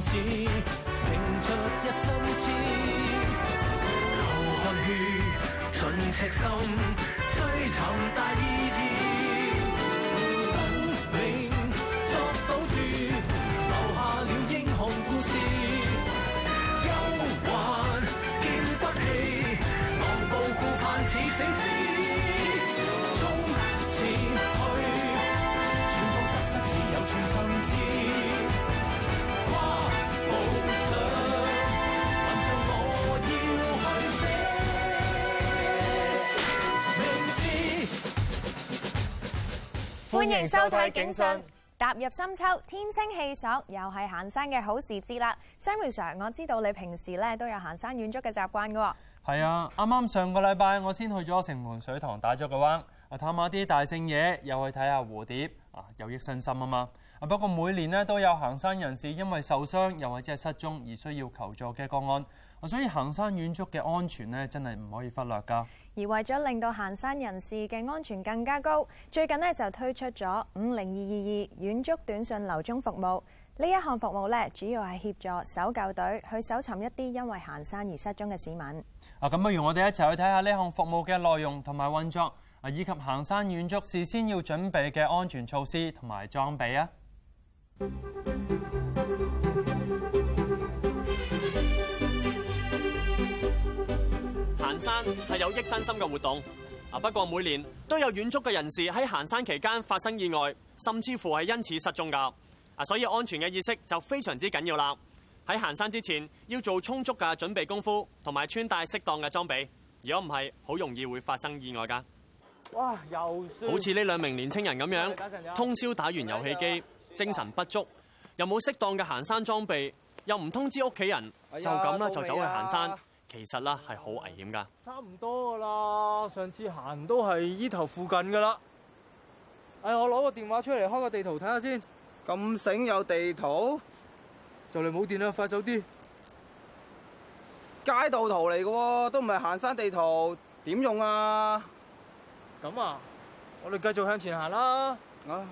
拼出一身痴，流汗血，盡赤心。歡迎收睇《警訊》，踏入深秋，天清氣爽，又係行山嘅好時節啦。Samuel sir，我知道你平時咧都有行山遠足嘅習慣嘅喎。係啊、嗯，啱啱上個禮拜我先去咗城門水塘打咗個彎，探下啲大聖嘢，又去睇下蝴蝶，啊，有益身心啊嘛。啊，不過每年咧都有行山人士因為受傷，又或者係失蹤而需要求助嘅個案。所以行山遠足嘅安全咧，真係唔可以忽略㗎。而為咗令到行山人士嘅安全更加高，最近咧就推出咗五零二二二遠足短訊留踨服務。呢一項服務咧，主要係協助搜救隊去搜尋一啲因為行山而失蹤嘅市民。啊，咁不如我哋一齊去睇下呢項服務嘅內容同埋運作，啊，以及行山遠足事先要準備嘅安全措施同埋裝備啊。係有益身心嘅活動，啊不過每年都有遠足嘅人士喺行山期間發生意外，甚至乎係因此失蹤噶啊所以安全嘅意識就非常之緊要啦。喺行山之前要做充足嘅準備功夫，同埋穿戴適當嘅裝備，如果唔係，好容易會發生意外噶哇，又好似呢兩名年青人咁樣，通宵打完遊戲機，精神不足，又冇適當嘅行山裝備，又唔通知屋企人，就咁啦就走去行山。其實啦，係好危險噶，差唔多噶啦。上次行都係呢頭附近噶啦。哎，我攞個電話出嚟，開個地圖睇下先。咁醒有地圖，就嚟冇電啦，快手啲。街道圖嚟噶，都唔係行山地圖，點用啊？咁啊，我哋繼續向前行啦。啊，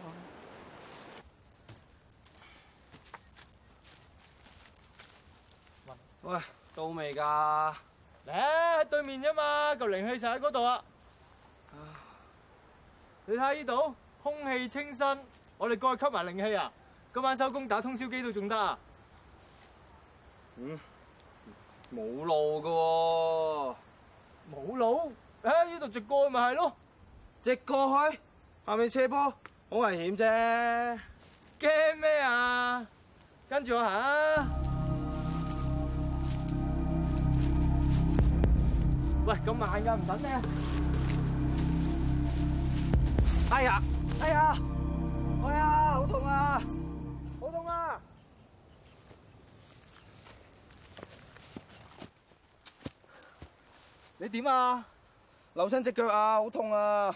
喂。到未噶？誒，喺對面啫嘛，個靈氣就喺嗰度啦。你睇呢度空氣清新，我哋過去吸埋靈氣啊！今晚收工打通宵機都仲得啊！嗯，冇路噶？冇路？誒，呢度直過去咪係咯，直過去，後尾車陂，好危險啫，驚咩啊？跟住我行。喂，咁慢噶，唔等咩？哎呀，哎呀，哎呀，好痛啊，好痛啊！你點啊？扭親隻腳啊，好痛啊！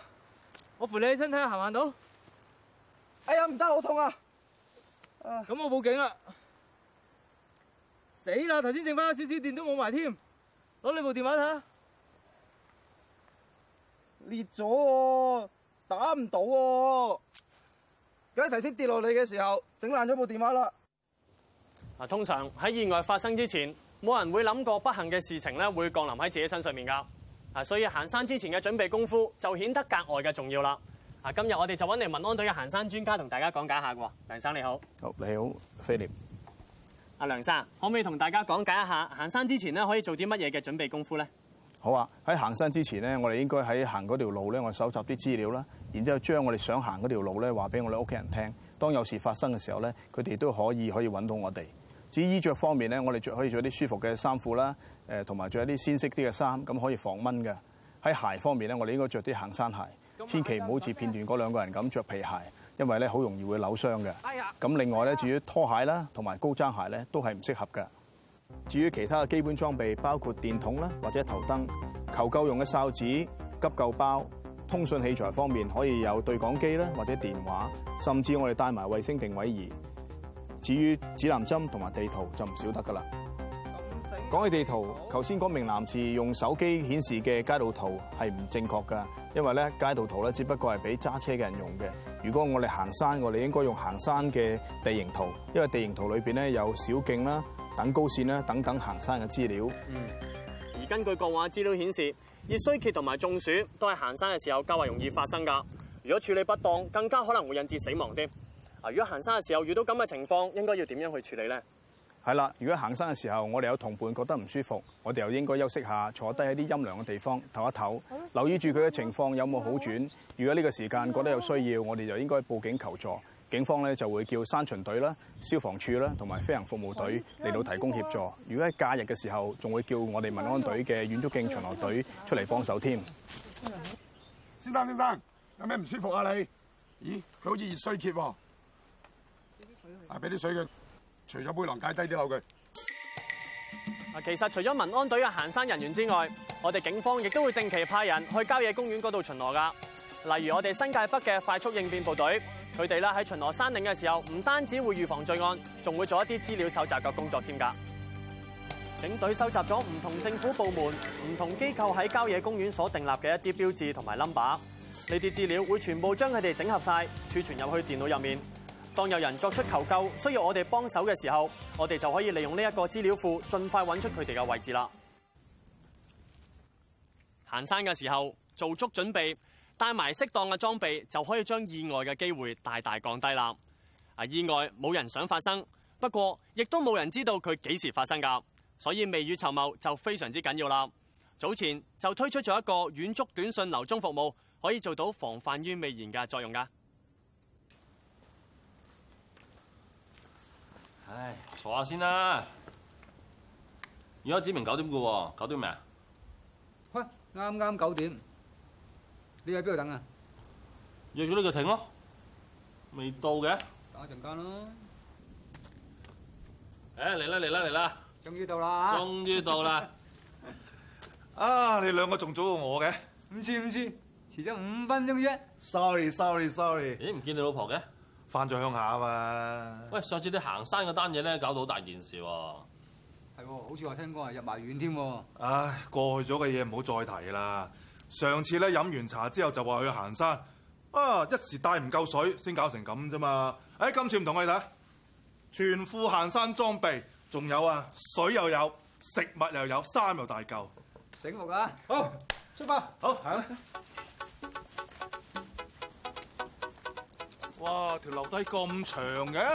我扶你起身睇下行唔行到？哎呀，唔得好痛啊！咁我報警啦！死啦！頭先剩翻少少電都冇埋添，攞你部電話睇下。裂咗、啊，打唔到喎！嗰啲頭先跌落嚟嘅時候，整爛咗部電話啦。啊，通常喺意外發生之前，冇人會諗過不幸嘅事情咧會降臨喺自己身上面噶。啊，所以行山之前嘅準備功夫就顯得格外嘅重要啦。啊，今日我哋就揾嚟民安隊嘅行山專家同大家講解一下噶。梁生你好。好，你好，菲臘。阿、啊、梁生，可唔可以同大家講解一下行山之前咧可以做啲乜嘢嘅準備功夫咧？好啊！喺行山之前咧，我哋應該喺行嗰條路咧，我收集啲資料啦。然之後將我哋想行嗰條路咧，話俾我哋屋企人聽。當有事發生嘅時候咧，佢哋都可以可以揾到我哋。至於衣着方面咧，我哋着可以着啲舒服嘅衫褲啦，誒同埋着一啲鮮色啲嘅衫，咁可以防蚊嘅。喺鞋方面咧，我哋應該着啲行山鞋，千祈唔好似片段嗰兩個人咁着皮鞋，因為咧好容易會扭傷嘅。咁另外咧，至於拖鞋啦同埋高踭鞋咧，都係唔適合嘅。至於其他嘅基本裝備，包括電筒啦，或者頭燈、求救用嘅哨子、急救包、通訊器材方面，可以有對講機啦，或者電話，甚至我哋帶埋衛星定位儀。至於指南針同埋地圖就唔少得㗎喇。講起地圖，頭先嗰名男士用手機顯示嘅街道圖係唔正確㗎，因為呢街道圖呢只不過係畀揸車嘅人用嘅。如果我哋行山，我哋應該用行山嘅地形圖，因為地形圖裏面呢有小徑啦。等高線等等行山嘅資料。嗯。而根據過往資料顯示，熱衰竭同埋中暑都係行山嘅時候較為容易發生噶。如果處理不當，更加可能會引致死亡添。啊，如果行山嘅時候遇到咁嘅情況，應該要點樣去處理呢？係啦，如果行山嘅時候，我哋有同伴覺得唔舒服，我哋又應該休息一下，坐低喺啲陰涼嘅地方唞一唞，留意住佢嘅情況有冇好轉。如果呢個時間覺得有需要，我哋就應該報警求助。警方咧就會叫山巡隊啦、消防處啦，同埋飛行服務隊嚟到提供協助。人人如果喺假日嘅時候，仲會叫我哋民安隊嘅遠足徑巡邏隊出嚟幫手添。先生，先生，有咩唔舒服啊？你，咦，佢好似熱衰竭喎。啊，俾啲水佢，除咗背囊，解低啲喉佢。啊，其實除咗民安隊嘅行山人員之外，我哋警方亦都會定期派人去郊野公園嗰度巡邏㗎。例如我哋新界北嘅快速應變部隊。佢哋啦，喺巡邏山嶺嘅時候，唔單止會預防罪案，仲會做一啲資料搜集嘅工作添噶。警隊收集咗唔同政府部門、唔同機構喺郊野公園所訂立嘅一啲標誌同埋 number，呢啲資料會全部將佢哋整合晒，儲存入去電腦入面。當有人作出求救，需要我哋幫手嘅時候，我哋就可以利用呢一個資料庫，盡快揾出佢哋嘅位置啦。行山嘅時候，做足準備，帶埋適當嘅裝備就可以將意外嘅機會大大降低啦。啊，意外冇人想發生，不過亦都冇人知道佢幾時發生噶，所以未雨綢繆就非常之緊要啦。早前就推出咗一個遠足短訊留蹤服務，可以做到防範於未然嘅作用噶。唉，坐下先啦。而家指明九點嘅喎，九點未啊？喂，啱啱九點。你喺邊度等啊？約咗呢就停咯，未到嘅，等一陣間咯。誒，嚟啦嚟啦嚟啦，終於到啦吓、啊，終於到啦。 啊，你兩個仲早過我嘅，唔遲唔遲，遲咗五分鐘啫。Sorry Sorry Sorry，Sorry 咦？唔見你老婆嘅，翻咗鄉下啊嘛。喂，上次你行山嗰單嘢咧，搞到好大件事喎、啊。係、哦，好似話聽講係，入埋院添。唉，過去咗嘅嘢唔好再提啦。上次咧飲完茶之後就話去行山，啊！一時帶唔夠水，先搞成咁啫嘛。喺、哎、今次唔同啊，你睇，全副行山裝備，仲有啊水又有，食物又有，衫又大嚿，醒目㗎、啊！好出發，好行啦吧！哇！條樓梯咁長嘅、啊，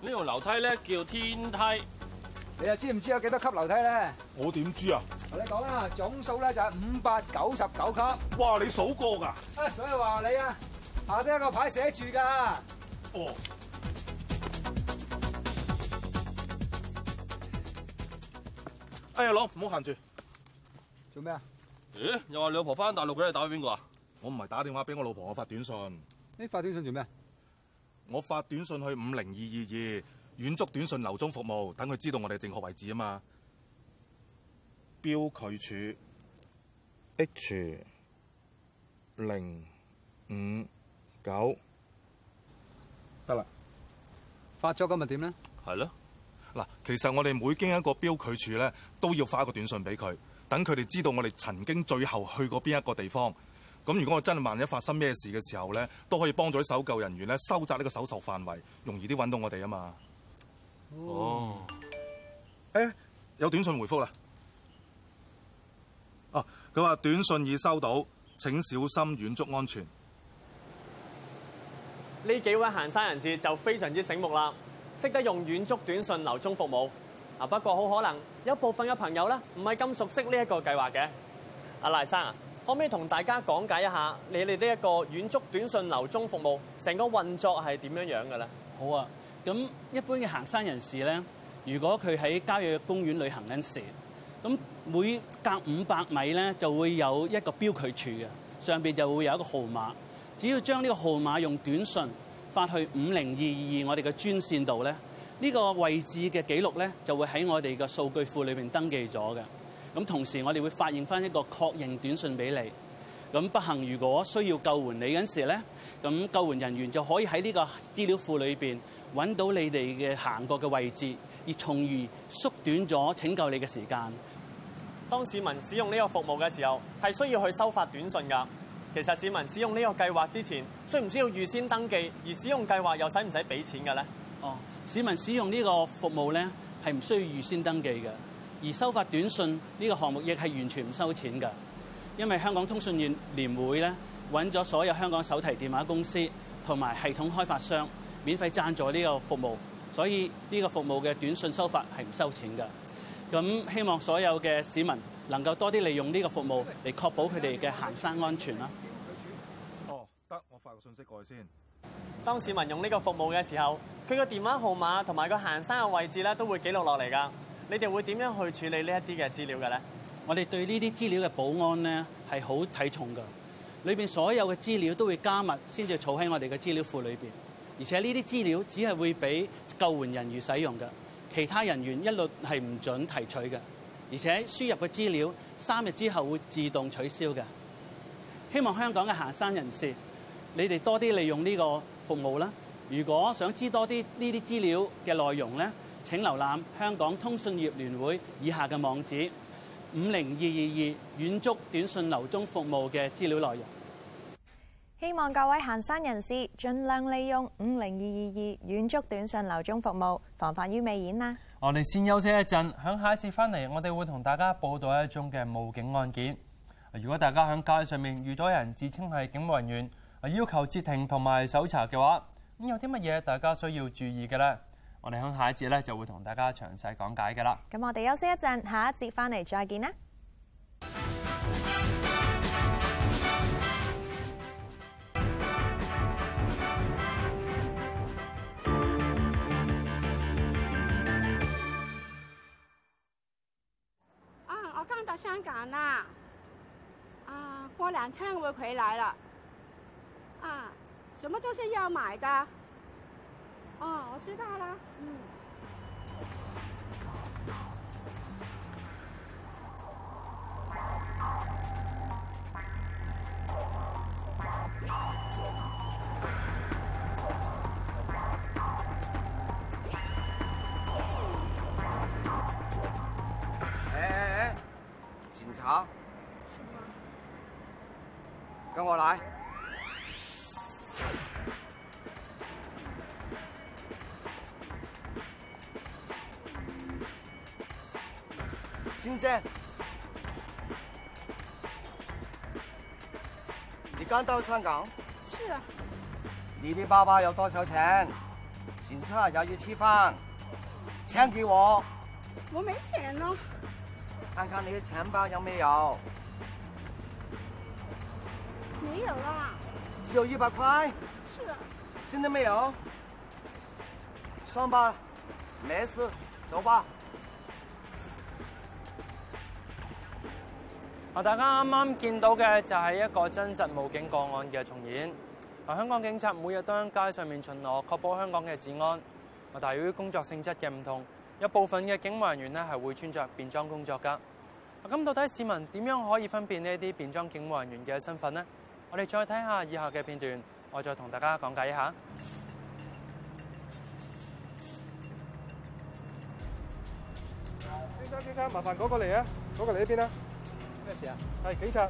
呢條樓梯咧叫天梯，你又知唔知有幾多級樓梯咧？我點知啊？同你講啦，總數咧就係五百九十九級。哇，你數過噶？啊，所以話你啊，下低一個牌寫住噶。哦。哎呀，佬，唔好行住。做咩啊？咦、欸？又話你老婆翻大陸你打俾邊個啊？我唔係打電話俾我老婆，我發短訊。你發短訊做咩啊？我發短訊去五零二二二，遠足短訊留蹤服務，等佢知道我哋正確位置啊嘛。標佢處 H 零五九得啦，發咗今日點咧？係咯嗱，其實我哋每經一個標佢處咧，都要發一個短信俾佢，等佢哋知道我哋曾經最後去過邊一個地方。咁如果我真係萬一發生咩事嘅時候咧，都可以幫咗啲搜救人員咧，收窄呢個搜索範圍，容易啲揾到我哋啊嘛。哦，誒，有短信回覆啦。哦，佢話短訊已收到，請小心遠足安全。呢幾位行山人士就非常之醒目啦，識得用遠足短訊留踨服務。啊，不過好可能有部分嘅朋友咧，唔係咁熟悉呢一個計劃嘅。阿賴生啊，可唔可以同大家講解一下你哋呢一個遠足短訊留踨服務成個運作係點樣樣嘅咧？好啊，咁一般嘅行山人士咧，如果佢喺郊野公園旅行嗰陣時，咁。每隔五百米咧，就會有一個標距柱嘅上邊就會有一個號碼。只要將呢個號碼用短信發去五零二二二，我哋嘅專線度咧，呢個位置嘅記錄咧就會喺我哋嘅數據庫裏邊登記咗嘅。咁同時我哋會發應翻一個確認短信俾你。咁不幸如果需要救援你嗰陣時咧，咁救援人員就可以喺呢個資料庫裏邊揾到你哋嘅行過嘅位置，而從而縮短咗拯救你嘅時間。當市民使用呢個服務嘅時候，係需要去收發短信噶。其實市民使用呢個計劃之前，需唔需要預先登記？而使用計劃又使唔使俾錢嘅呢？哦，市民使用呢個服務咧，係唔需要預先登記嘅，而收發短信呢個項目亦係完全唔收錢嘅。因為香港通訊業聯會咧，揾咗所有香港手提電話公司同埋系統開發商免費贊助呢個服務，所以呢個服務嘅短信收發係唔收錢嘅。咁希望所有嘅市民能夠多啲利用呢個服務嚟確保佢哋嘅行山安全啦。哦，得，我發個信息過去先。當市民用呢個服務嘅時候，佢個電話號碼同埋個行山嘅位置咧，都會記錄落嚟噶。你哋會點樣去處理呢一啲嘅資料嘅咧？我哋對呢啲資料嘅保安咧係好睇重噶，裏邊所有嘅資料都會加密先至儲喺我哋嘅資料庫裏邊，而且呢啲資料只係會俾救援人員使用嘅。其他人員一律係唔准提取嘅，而且輸入嘅資料三日之後會自動取消嘅。希望香港嘅行山人士，你哋多啲利用呢個服務啦。如果想知道多啲呢啲資料嘅內容呢，請瀏覽香港通訊業聯會以下嘅網址，五零二二二遠足短訊留踨服務嘅資料內容。希望各位行山人士盡量利用五零二二二遠足短訊留踨服務，防範於未然啦。我哋先休息一陣，響下一節翻嚟，我哋會同大家報道一宗嘅冒警案件。如果大家響街上面遇到人自稱係警務人員，要求截停同埋搜查嘅話，咁有啲乜嘢大家需要注意嘅呢？我哋響下一節咧就會同大家詳細講解㗎啦。咁我哋休息一陣，下一節翻嚟再見啦。趕啦！啊，過兩天我回來了。啊，什麼都是要買的？哦、啊，我知道啦。嗯。跟我來，金正，你剛到香港？是啊。啊你的包包有多少錢？警察要去吃飯，錢給我。我沒錢呢、啊、看看你的錢包有沒有？沒有啦，只有一百塊。是啊，見到沒有？算吧，沒事，走吧。啊，大家啱啱見到嘅就係一個真實武警個案嘅重演。啊，香港警察每日都喺街上面巡邏，確保香港嘅治安。啊，但由於工作性質嘅唔同，有部分嘅警務人員呢係會穿着便裝工作噶。啊，咁到底市民點樣可以分辨呢一啲便裝警務人員嘅身份呢？我哋再睇下以下嘅片段，我再同大家講解一下。先生，先生，麻煩過嚟、過嚟、啊，過嚟呢邊啦。咩事啊？係警察。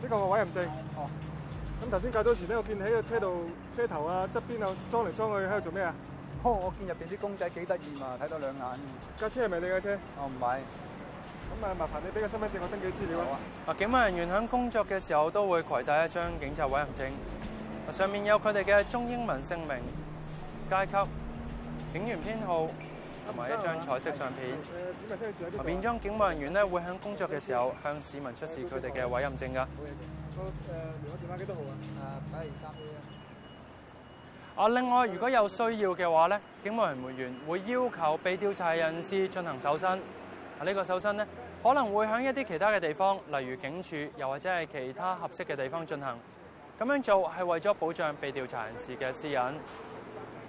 呢個位唔正。哦。咁頭先戒早前呢，我見喺個車度、車頭啊、側邊啊，裝嚟裝去喺度做咩啊？哦，我見入邊啲公仔幾得意嘛，睇到兩眼。架車係咪你架車？哦，唔係。咁啊，麻煩你俾個身份證我登記資料啊。啊，警務人員喺工作嘅時候都會攜帶一張警察委任證，上面有佢哋嘅中英文姓名、階級、警員編號同埋一張彩色相片。誒，警務人員咧會喺工作嘅時候向市民出示佢哋嘅委任證㗎。冇嘢，我誒，如果電話幾多號啊？啊，八二三四啊。啊，另外，如果有需要嘅話咧，警務人員會要求被調查人士進行搜身。呢、啊這個搜身呢，可能會喺一啲其他嘅地方，例如警署，又或者係其他合適嘅地方進行。咁樣做係為咗保障被調查人士嘅私隱啊。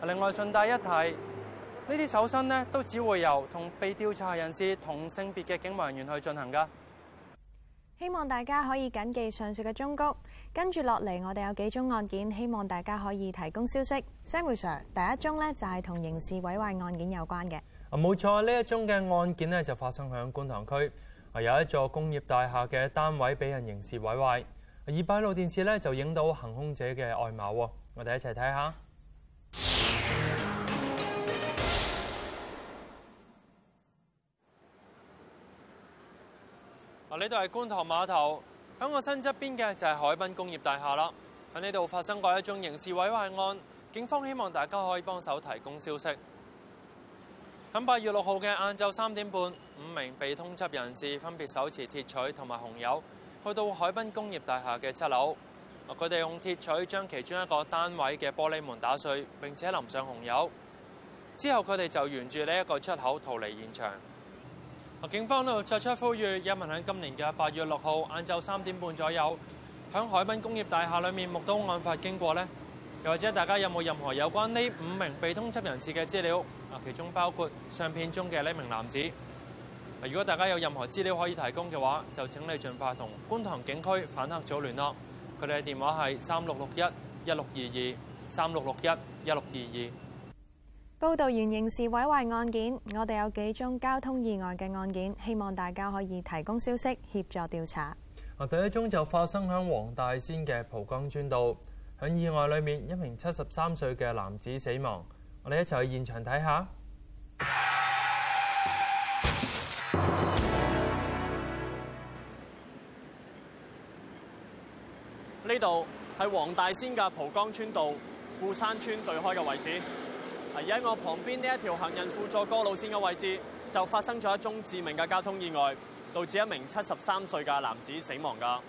另外順帶一提，呢啲搜身呢，都只會由同被調查人士同性別嘅警務人員去進行噶。希望大家可以謹記上述嘅忠告。跟住落嚟，我哋有幾宗案件，希望大家可以提供消息。Samuel Sir，第一宗呢，就係、是、同刑事毀壞案件有關嘅。冇錯，呢一宗嘅案件就發生響觀塘區，有一座工業大廈嘅單位俾人刑事毀壞。而閉路電視就影到行凶者嘅外貌，我哋一齊睇下。啊，呢度係觀塘碼頭，喺我身側邊嘅就係海濱工業大廈啦。喺呢度發生過一宗刑事毀壞案，警方希望大家可以幫手提供消息。喺八月六號嘅晏晝三點半，五名被通緝人士分別手持鐵錘同埋紅油，去到海濱工業大廈嘅七樓。佢哋用鐵錘將其中一個單位嘅玻璃門打碎，並且淋上紅油。之後佢哋就沿住呢一個出口逃離現場。警方呢，作出呼籲，一問喺今年嘅八月六號晏晝三點半左右，響海濱工業大廈裏面目睹案發經過呢，又或者大家有冇任何有關呢五名被通緝人士嘅資料？其中包括相片中嘅呢名男子。如果大家有任何資料可以提供嘅話，就請你盡快同觀塘警區反黑組聯絡。佢哋嘅電話係三六六一一六二二三六六一一六二二。22，報道完刑事毀壞案件，我哋有幾宗交通意外嘅案件，希望大家可以提供消息協助調查。第一宗就發生響黃大仙嘅蒲崗村道，響意外裏面一名七十三歲嘅男子死亡。我哋一齊去現場睇下。呢度係黃大仙嘅蒲崗村道富山村對開嘅位置，喺我旁邊呢一條行人輔助過路線嘅位置，就發生咗一宗致命嘅交通意外，導致一名七十三歲嘅男子死亡。噶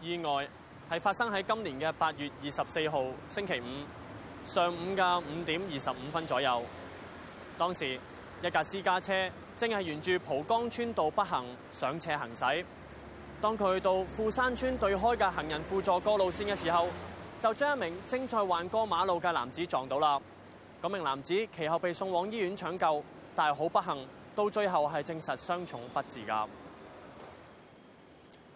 意外係發生喺今年嘅八月二十四號星期五。上午嘅五點二十五分左右，當時一架私家車正係沿住蒲崗村道北行上斜行駛。當佢去到富山邨對開嘅行人輔助過路線嘅時候，就將一名正在橫過馬路嘅男子撞到啦。嗰名男子其後被送往醫院搶救，但係好不幸，到最後係證實傷重不治㗎。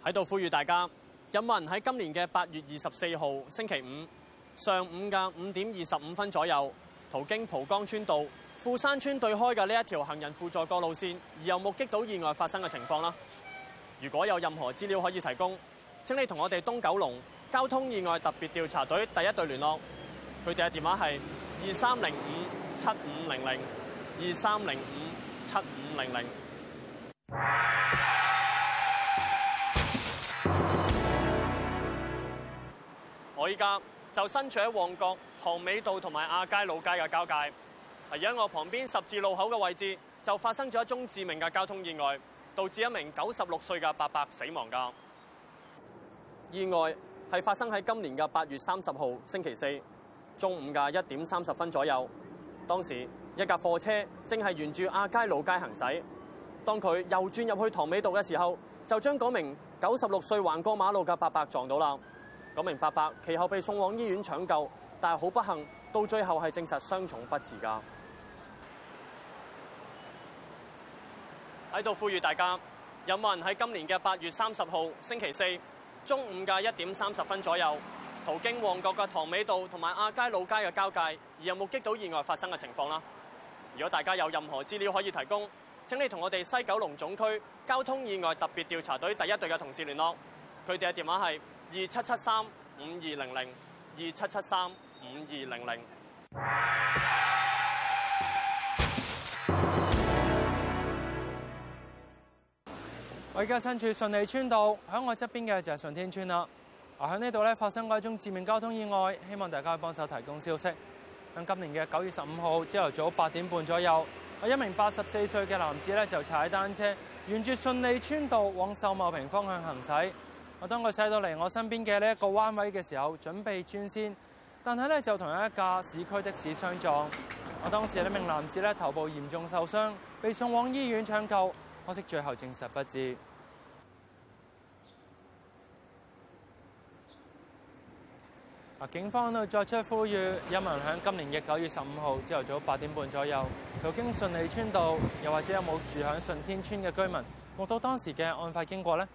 喺度呼籲大家，有冇人喺今年嘅八月二十四號星期五，上午嘅五點二十五分左右，途經蒲崗村道富山村對開嘅呢一條行人輔助過路線，而又目擊到意外發生嘅情況啦。如果有任何資料可以提供，請你同我哋東九龍交通意外特別調查隊第一隊聯絡，佢哋嘅電話係二三零五七五零零二三零五七五零零。我依家。就身處喺旺角塘尾道同埋亞皆老街嘅交界，喺我旁邊十字路口嘅位置就發生咗一宗致命嘅交通意外，導致一名九十六歲嘅伯伯死亡㗎。意外係發生喺今年嘅八月三十號星期四中午嘅一點三十分左右。當時一架貨車正係沿住亞皆老街行駛，當佢右轉入去塘尾道嘅時候，就將嗰名九十六歲橫過馬路嘅伯伯撞到啦。九名伯伯其後被送往醫院搶救，但係好不幸，到最後係證實傷重不治。噶，喺度呼籲大家，有冇人喺今年嘅八月三十號星期四中午嘅一點三十分左右，途經旺角嘅塘尾道同埋亞皆老街嘅交界，而有目擊到意外發生嘅情況啦。如果大家有任何資料可以提供，請你同我哋西九龍總區交通意外特別調查隊第一隊嘅同事聯絡，佢哋嘅電話係。二七七三五二零零，二七七三五二零零。200, 我而家身處順利村道，喺我側邊嘅就係順天村啦。啊，喺呢度咧發生咗一宗致命交通意外，希望大家幫手提供消息。喺今年嘅九月十五號朝頭早八點半左右，有一名八十四歲嘅男子咧就踩單車，沿住順利村道往秀茂坪方向行駛。我當佢駛到嚟我身邊嘅呢一個彎位嘅時候，準備轉線，但係呢，就同一架市區的士相撞。我當時呢名男子呢，頭部嚴重受傷，被送往醫院搶救，可惜最後證實不治。啊！警方呢作出呼籲，有民喺今年嘅九月十五號朝頭早八點半左右途經順利村道，又或者有冇住喺順天村嘅居民，目睹當時嘅案發經過呢？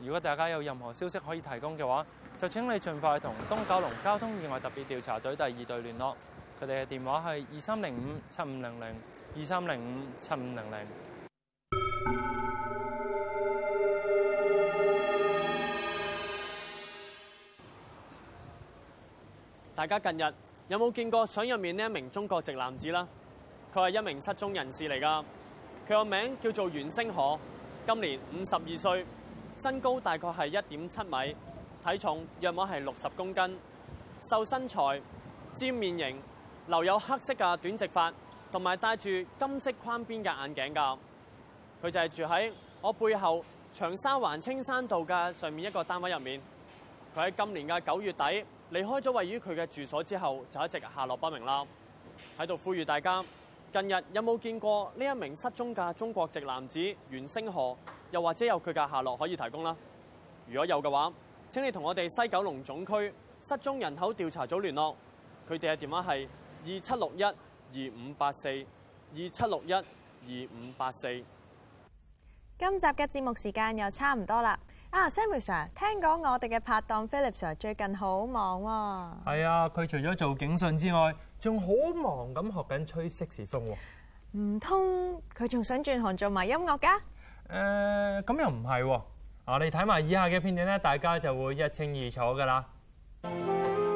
如果大家有任何消息可以提供嘅話，就請你盡快同東九龍交通意外特別調查隊第二隊聯絡。佢哋嘅電話係二三零五七五零零二三零五七五零零。大家近日有冇見過相入面呢一名中國籍男子啦？佢係一名失蹤人士嚟噶，佢個名叫做袁星河，今年五十二歲。身高大概係一點七米，體重約莫係六十公斤，瘦身材，尖面型，留有黑色嘅短直髮，同埋戴住金色框邊嘅眼鏡。噶佢就係住喺我背後長沙灣青山道嘅上面一個單位入面。佢喺今年嘅九月底離開咗位於佢嘅住所之後，就一直下落不明啦。喺度呼籲大家，近日有冇見過呢一名失蹤嘅中國籍男子袁星河？又或者有佢嘅下落可以提供啦。如果有嘅話，請你同我哋西九龍總區失蹤人口調查組聯絡。佢哋嘅電話係二七六一二五八四二七六一二五八四。84，今集嘅節目時間又差唔多啦。啊，Samuel Sir，聽講我哋嘅拍檔 Philip Sir 最近好忙。係啊，佢、啊、除咗做警訊之外，仲好忙咁學緊吹色士風、啊。唔通佢仲想轉行做埋音樂噶？誒咁、呃、又唔係喎，啊！你睇埋以下嘅片段咧，大家就會一清二楚㗎喇。